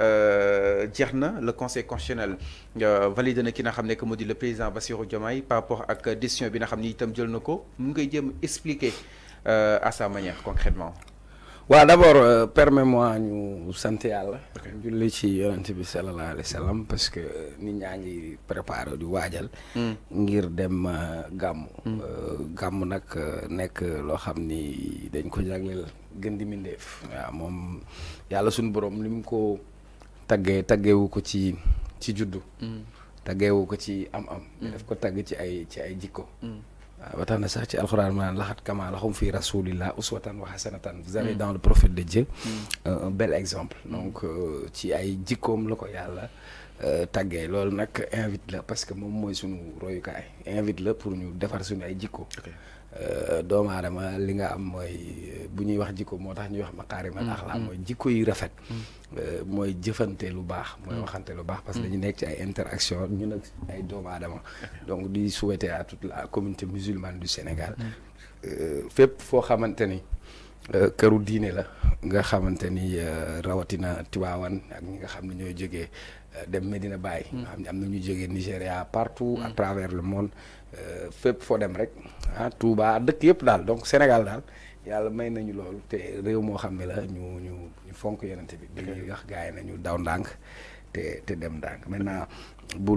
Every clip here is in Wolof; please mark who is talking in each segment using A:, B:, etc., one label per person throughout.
A: Euh, le conseil constitutionnel euh, valide na ki nga que le président Bassirou Diomaye par rapport à la décision bi nga xam itam jël expliquer euh, à sa manière concrètement waa d' abord euh, ñu sant yàlla. julli ci yonent bi parce que euh, nit ñaa ngi préparé di waajal. Mm. ngir dem euh, gàmmu. Mm. Euh, gàmmu nag nekk loo xam ni dañ ko jagleel gën di mindeef. waaw moom yàlla suñu borom li mu ko taggee taggeewu ko ci ci juddu. Mm. taggeewu ko ci am-am. daf ko tagg ci ay ci ay jikko. wataana sax ci alxuraan ma naan laxat kama laxum fi rasulillah uswatan wa hasanatan vous avez dans le prophète de Dieu un bel exemple donc ci ay jikkoom la ko yàlla tàggee loolu nag invite la parce que moom mooy suñu royukaay invite la pour ñu defar suñu ay jikko Euh, doomu aadama li nga am mooy euh, bu ñuy wax jikko moo tax ñuy wax ma makaarimal axlaaq mm-hmm. mooy jikko yu rafet mm-hmm. euh, mooy jëfante lu baax mooy mm-hmm. waxante lu baax parce que dañu nekk ci ay interaction ñun ak ay doomu aadama donc di souhaiter à toute la communauté musulmane du Sénégal fép foo xamante ni këru diine la nga xamante ni rawatina Tiwaawan ak ñi nga xam ne ñoo jóge dem Medina bàyyi nga xam ne am na ñu jógee Nigéria partout à travers le monde fépp foo dem rek ah Touba dëkk yëpp daal donc Sénégal daal yàlla may nañu loolu te réew moo xam la ñu ñu fonk bi bi wax nañu daw dem maintenant bu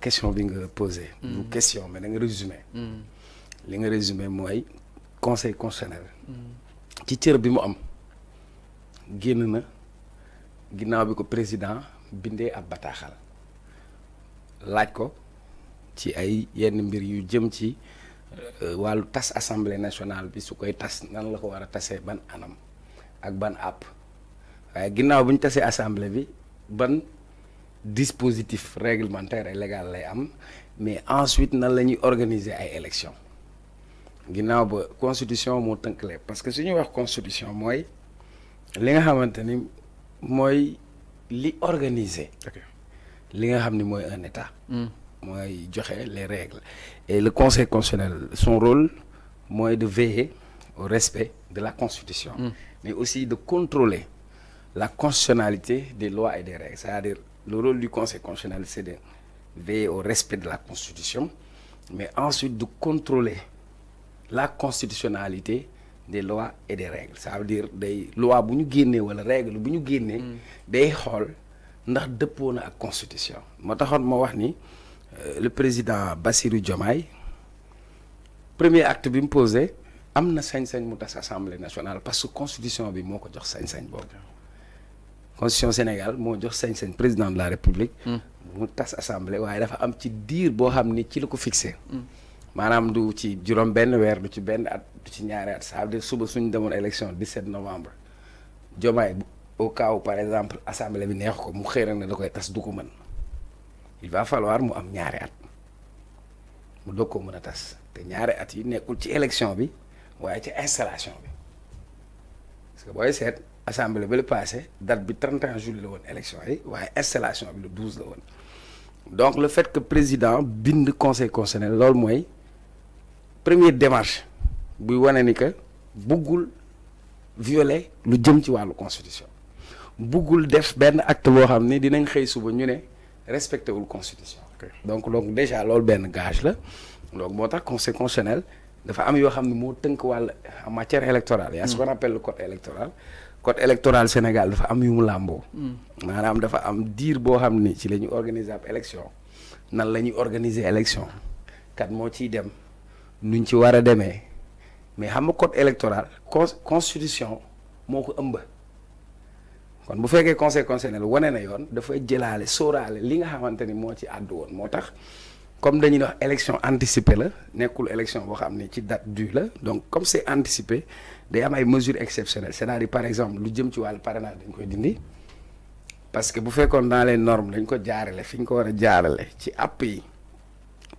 A: question mm. question mais da nga mm. li nga résumé conseil constitutionnel mm. ci cër bi mu am na président laaj ko ci ay mbir euh, walu tas assemblée nationale bi su koy tas nan la ko wara a ban anam ak ban app waaye ginnaw bu ñu assemblée bi ban dispositif réglementaire et légal lay am mais ensuite nan lañuy organiser ay élections ginnaw ba constitution moo tënkale parce que suñu wax constitution moy li nga xamanteni ni li organiser. li nga xamni ni un état. Hmm moi les règles et le conseil constitutionnel son rôle est de veiller au respect de la constitution mm. mais aussi de contrôler la constitutionnalité des lois et des règles c'est-à-dire le rôle du conseil constitutionnel c'est de veiller au respect de la constitution mais ensuite de contrôler la constitutionnalité des lois et des règles ça veut dire des lois bu ñu génnee les règles bu ñu mm. day xol ndax constitution wax ni euh, le président Bassirou Diomaye premier acte bi mu posé am na sañ-sañ assemblée nationale parce que constitution bi moko jox sañ-sañ boobu constitution Sénégal mo jox sañ-sañ président de la république. Hmm. mu tas assemblée waye dafa am ci dire, bo xamni ci la fixé. Hmm. maanaam du ci jurom benn weer du ci benn at du ci ñaari at ça veut suba suñu demone élection 17 novembre Diomaye au cas où par exemple assemblée bi neex ko mu xëy na da koy tas du ko mën il va falloir mu am ñaari at mu doog koo mën a tas te ñaari at yi nekkul ci élection bi waaye ci installation bi parce que booy seet assemblée ba passé date bi 31 juillet la woon élection yi waaye installation bi le 12 la woon donc le fait que président bind conseil constitutionnel loolu mooy première démarche buy wane ni que buggul violer lu jëm ci wàllu constitution buggul def benn acte boo xam ni dinañ xëy suba ñu ne respecter la constitution. donc donc déjà loolu ben gage la donc moo tax conseil constitutionnel dafa am un xam ne moo en matière électorale. y a ce mm. qu'on appelle le code électoral. code électoral Sénégal dafa am yu lambo, làmboo. Mm. maanaam dafa am un boo les ni ci nous organiser l'élection élection nan la organiser élection kat moo ciy dem nuñ ci a mais xam code électoral constitution moo ëmb kon bu fekkee conseil constitutionnel wane na yoon dafay jëlaale sóoraale li nga xamante ni moo ci àddu woon moo tax comme dañuy wax élection anticipée la nekkul élection boo xam ne ci date due la donc comme c' est anticipé day am ay mesures exceptionnelles c' est à dire par exemple lu jëm ci wàllu parrainage dañ koy dindi parce que bu fekkoon dans les normes dañ ko jaarale fi ñu ko war a jaarale ci app yi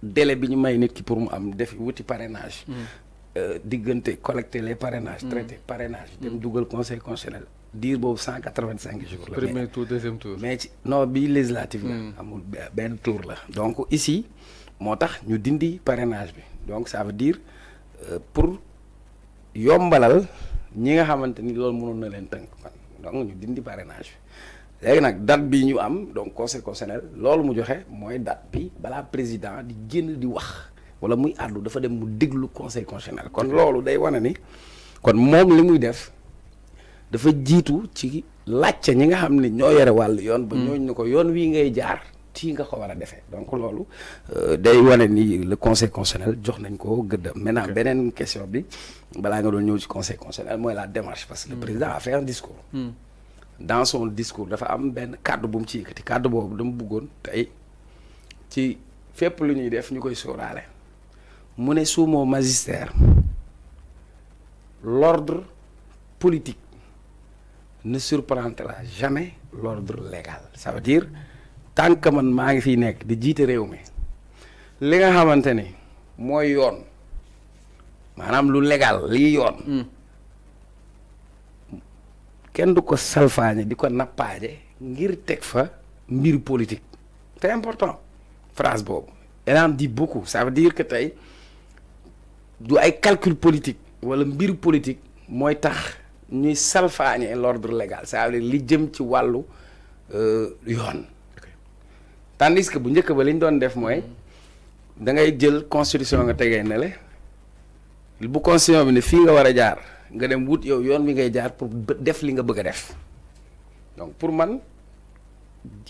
A: délai bi ñu may nit ki pour mu am def wuti parrainage mm. euh, diggante collecter les parrainages mm. traité parrainage dem dugal conseil constitutionnel dire bobu 185 jours premier mais, tour deuxième tour. mais ci non bi législatif mm. la. Hmm. amul ben tour la. donc ici motax ñu dindi parrainage bi donc ça veut dire euh, pour yombalal ñi nga xamanteni lool loolu na len tënk donc ñu dindi parrainage bi légui nak date bi ñu am donc conseil constitutionnel lool mu joxe moy date bi bala président di génn di wax wala muy addu dafa dem mu déglu conseil constitutionnel kon loolu day wone ni kon mom limuy def. de jitu ci nga ñoo wal yoon. ba hmm. ñoo yoon wi ngay jaar. donc euh, day le conseil constitutionnel jox nañ ko gëdd maintenant question bi bala nga doon ci conseil constitutionnel la démarche parce que le hmm. président a fait un discours hmm. dans son discours dafa am ben cadre bu mu ci cadre bobu dama bëggoon ci fépp lu ñuy def mon magistère l'ordre politique ne surprendra jamais l'ordre légal ça veut dire tant que man maa ngi fiy nekk di jiite réew mi li nga xamante ni mooy yoon maanaam lu légal lii yoon hmm. kenn du ko salfaañe di ko nappaaje ngir teg fa mbir politique c'est important phrase boobu elle en dit beaucoup dire que tey du ay calcul politique wala mbir politique mooy tax ñuy salfaañe l'ordre légal ça veut dire li jëm ci euh yoon tandis que bu ñëk ba liñ doon def moy da ngay jël constitution nga tégué na lé bu constitution bi ne fi nga wara jaar nga dem wut yow yoon mi ngay jaar pour def li nga bëgg def donc pour man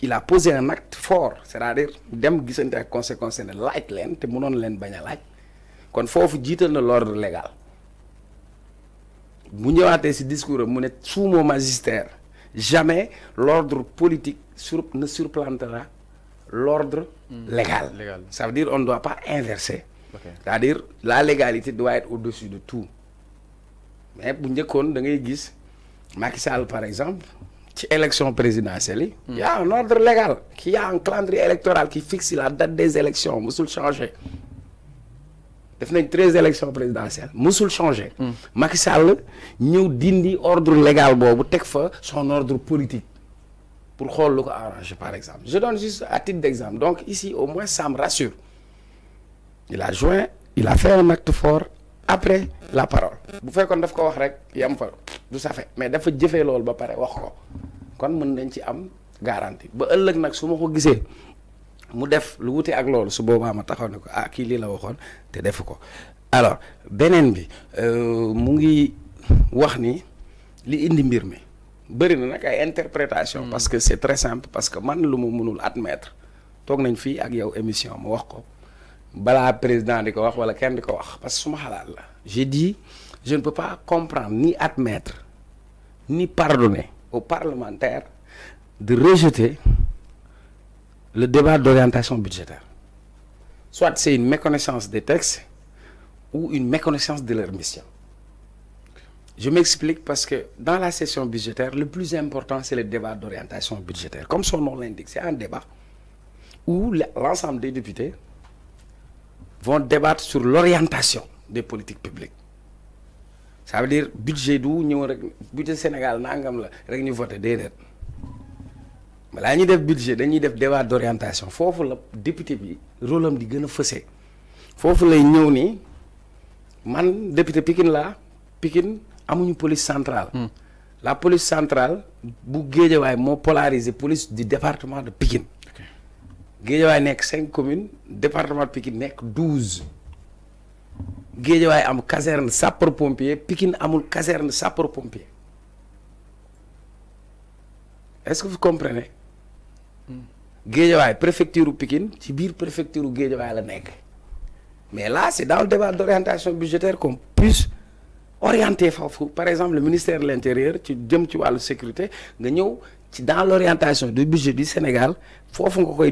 A: il a posé un acte fort c'est-à-dire dem gisante ak conséquence né laaj leen té mënon leen baña laaj kon fofu jital na l'ordre légal bu avez ce discours vous sous mon magistère jamais l'ordre politique ne surplantera l'ordre hmm. légal. ça veut dire qu'on ne doit pas inverser. c'est-à-dire la légalité doit être au-dessus de tout mais si vous da ngay Macky par exemple élection présidentielle il hmm. y a un ordre légal. qui a un calendrier électoral qui fixe la date des élections le changer y nañ 13 élections présidentielles a changé. Macky Sall dindi ordre légal son ordre politique pour arrangé par exemple je donne juste à titre d'exemple donc ici au moins ça me rassure il a joint il a fait un acte fort après la parole vous faites daf ko wax rek yam fa a mais am garantie mu def lu wute ak loolu su boobaa ma taxaw ne ko ah kii lii la waxoon te def ko alors beneen bi euh, mu ngi wax ni li indi mbir mi bëri na nag ay interprétation hmm. parce que c'est très simple parce que man lu mu mënul admettre toog nañ fii ak yow émission ma wax ko balaa président di ko wax wala kenn di ko wax parce que suma xalaat la j'ai dit je ne peux pas comprendre ni admettre ni pardonner au parlementaire de rejeter le débat d'orientation budgétaire. Soit c'est une méconnaissance des textes ou une méconnaissance de leur mission. Je m'explique parce que dans la session budgétaire, le plus important, c'est le débat d'orientation budgétaire. Comme son nom l'indique, c'est un débat où l'ensemble des députés vont débattre sur l'orientation des politiques publiques. Ça veut dire budget d'où, budget Sénégal, nous voter des dettes balaa ñuy def budget dañuy def débat d'orientation que le député bi rôle di gëna fessé. Fofu lay ñëw ni man député Pikine là, Pikine amuñu police centrale. Hmm. la police centrale bu way mo polariser police du département de Pikine. Guédiawaye nek 5 communes département de Pikine 12. douze. Guédiawaye am caserne sapeur pompier Pikine amul caserne sapeur pompier est-ce que vous comprenez. Guédiawaye préfecture Pikine ci préfecture Guédiawaye la mais là c'est dans le débat d'orientation budgétaire qu'on puisse orienter par exemple le ministère de l'intérieur ci tu ci sécurité dans l'orientation du budget du Sénégal il nga koy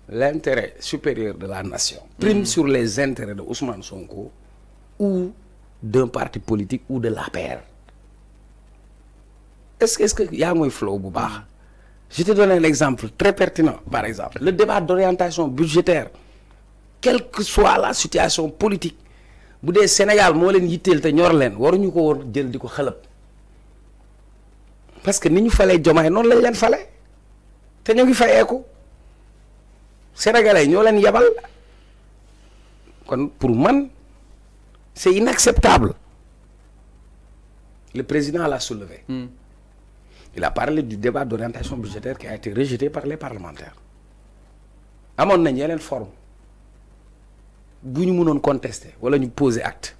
A: l'intérêt supérieur de la nation prime sur les intérêts de Ousmane Sonko ou d'un parti politique ou de la paire est-ce que est-ce que a un flow bu baax je te donne un exemple très pertinent par exemple le débat d'orientation budgétaire quelle que soit la situation politique si le Sénégal moo leen yitteel te ñor leen waruñu ko jël parce que ni ñu fallait non noonu lañ fallait fale te ñoo ngi fayeeku sénégalais ñoo leen yabal kon pour man c'est inacceptable le président l'a soulevé hmm. il a parlé du débat d'orientation budgétaire qui a été rejeté par les parlementaires y nañ yeneen forme buñu mënoon contester wala ñu poser acte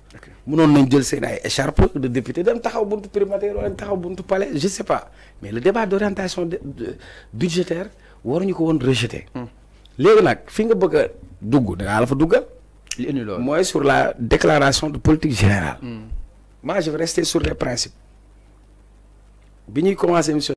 A: mënoon nañ jël seen écharpe de député dem taxaw buntu primature wala taxaw buntu palais je sais pas mais le débat d'orientation budgétaire waruñu ko woon rejeter hmm léegi nag fi nga bëgg a dugg dangaa la fa duggal. li indi loolu mooy sur la déclaration de politique générale. Hmm. moi je vais rester sur les principes bi ñuy commencé émission.